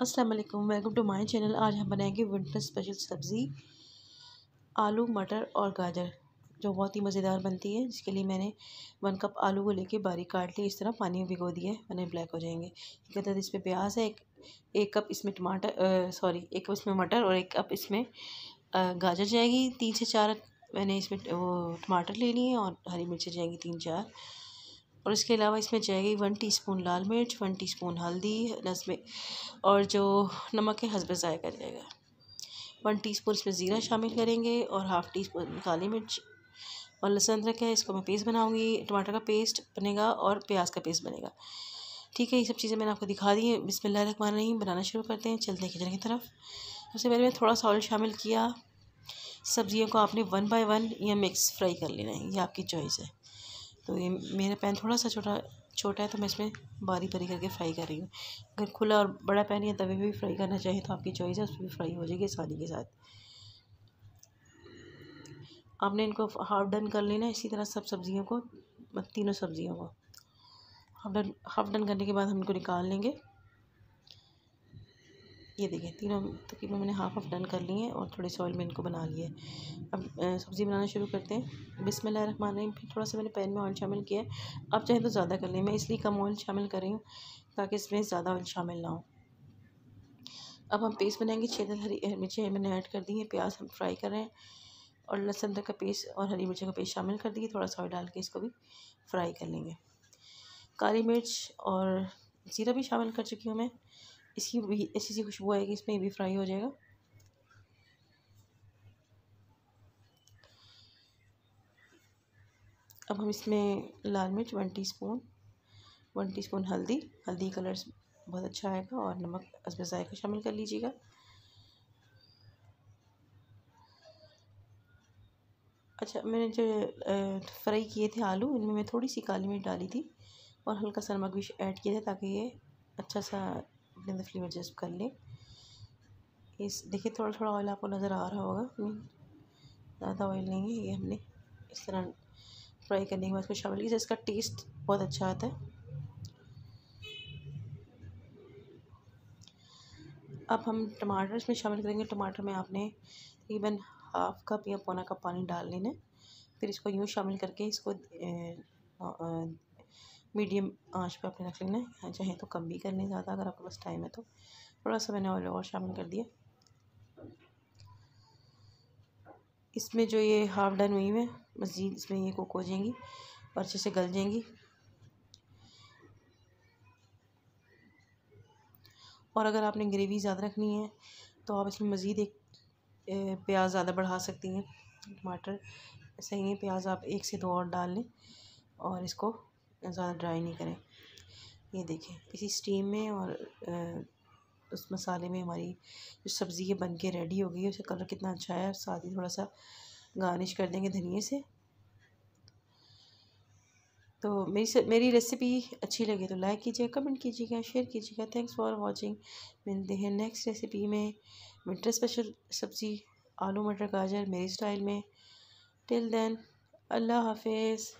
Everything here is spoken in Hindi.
अस्सलाम वालेकुम वेलकम टू माय चैनल आज हम बनाएंगे विंटर स्पेशल सब्ज़ी आलू मटर और गाजर जो बहुत ही मज़ेदार बनती है जिसके लिए मैंने वन कप आलू को लेके बारीक काट ली इस तरह पानी में भिगो दिया है ब्लैक हो जाएंगे एक अदद इसमें प्याज है एक एक कप इसमें टमाटर सॉरी एक कप इसमें मटर और एक कप इसमें गाजर जाएगी तीन से चार मैंने इसमें वो टमाटर ले लिए और हरी मिर्ची जाएंगी तीन चार और इसके अलावा इसमें जाएगी वन टीस्पून लाल मिर्च वन टीस्पून हल्दी नजमे और जो नमक है हसबे ज़ायका जाएगा वन टीस्पून इसमें ज़ीरा शामिल करेंगे और हाफ़ टी स्पून काली मिर्च और लहसुन अदरक है इसको मैं पेस्ट बनाऊँगी टमाटर का पेस्ट बनेगा और प्याज का पेस्ट बनेगा ठीक है ये सब चीज़ें मैंने आपको दिखा दी हैं बिस्मिल्लाह रहमान रहीम बनाना शुरू करते हैं चलते हैं किचन की तरफ सबसे पहले मैंने थोड़ा सा ऑयल शामिल किया सब्जियों को आपने वन बाय वन या मिक्स फ्राई कर लेना है ये आपकी चॉइस है तो ये मेरा पैन थोड़ा सा छोटा छोटा है तो मैं इसमें बारी बारी करके फ्राई कर रही हूँ अगर खुला और बड़ा पैन या तवे भी फ्राई करना चाहिए तो आपकी चॉइस है उसमें भी फ्राई हो जाएगी आसानी के साथ आपने इनको हाफ डन कर लेना इसी तरह सब सब्ज़ियों को तीनों सब्ज़ियों को हाफ डन हाफ डन करने के बाद हम इनको निकाल लेंगे ये देखिए तीनों तकरीबन मैंने हाफ हाफ डन कर लिए हैं और थोड़ी सॉइल में इनको बना लिए अब सब्ज़ी बनाना शुरू करते हैं बिसमिल रखमान फिर थोड़ा सा मैंने पैन में ऑयल शामिल किया है आप चाहें तो ज़्यादा कर लें मैं इसलिए कम ऑयल शामिल कर रही हूँ ताकि इसमें ज़्यादा ऑयल शामिल ना हो अब हम पेस्ट बनाएंगे छः दस हरी मिर्चें मैंने ऐड कर दी हैं प्याज हम फ्राई कर रहे हैं और लहसुन तक का पेस्ट और हरी मिर्च का पेस्ट शामिल कर दिए थोड़ा सा डाल के इसको भी फ्राई कर लेंगे काली मिर्च और ज़ीरा भी शामिल कर चुकी हूँ मैं इसकी भी ऐसी सी खुशबू आएगी इसमें भी फ्राई हो जाएगा अब हम इसमें लाल मिर्च वन टीस्पून वन स्पून हल्दी हल्दी कलर्स बहुत अच्छा आएगा और नमक इसमें ज़ायका शामिल कर लीजिएगा अच्छा मैंने जो फ्राई किए थे आलू इनमें मैं थोड़ी सी काली मिर्च डाली थी और हल्का सा नमक भी ऐड किया था ताकि ये अच्छा सा अपने अंदर फ्लेम एडजस्ट कर लें इस देखिए थोड़ा थोड़ा ऑयल आपको नज़र आ रहा होगा हम्म, ज़्यादा ऑयल नहीं है ये हमने इस तरह फ्राई करने के बाद इसको शामिल किया इसका टेस्ट बहुत अच्छा आता है अब हम टमाटर इसमें शामिल करेंगे टमाटर में आपने तकरीबन हाफ कप या पौना कप पानी डाल लेना फिर इसको यूँ शामिल करके इसको मीडियम आंच पे आपने रख लेना है चाहे तो कम भी कर लें ज़्यादा अगर आपके पास टाइम है तो थोड़ा सा मैंने ऑयल और शामिल कर दिया इसमें जो ये हाफ डन हुई है मज़ीद इसमें ये कुक हो जाएंगी और अच्छे से गल जाएंगी और अगर आपने ग्रेवी ज़्यादा रखनी है तो आप इसमें मज़ीद एक प्याज ज़्यादा बढ़ा सकती हैं टमाटर सही है प्याज आप एक से दो और डाल लें और इसको ज़्यादा ड्राई नहीं करें ये देखें इसी स्टीम में और आ, उस मसाले में हमारी जो सब्ज़ी है बन के रेडी हो गई है उसका कलर कितना अच्छा है साथ ही थोड़ा सा गार्निश कर देंगे धनिए से तो मेरी से, मेरी रेसिपी अच्छी लगे तो लाइक कीजिएगा कमेंट कीजिएगा शेयर कीजिएगा थैंक्स फॉर वाचिंग मिलते हैं नेक्स्ट रेसिपी में विंटर स्पेशल सब्ज़ी आलू मटर गाजर मेरी स्टाइल में टिल देन अल्लाह हाफिज़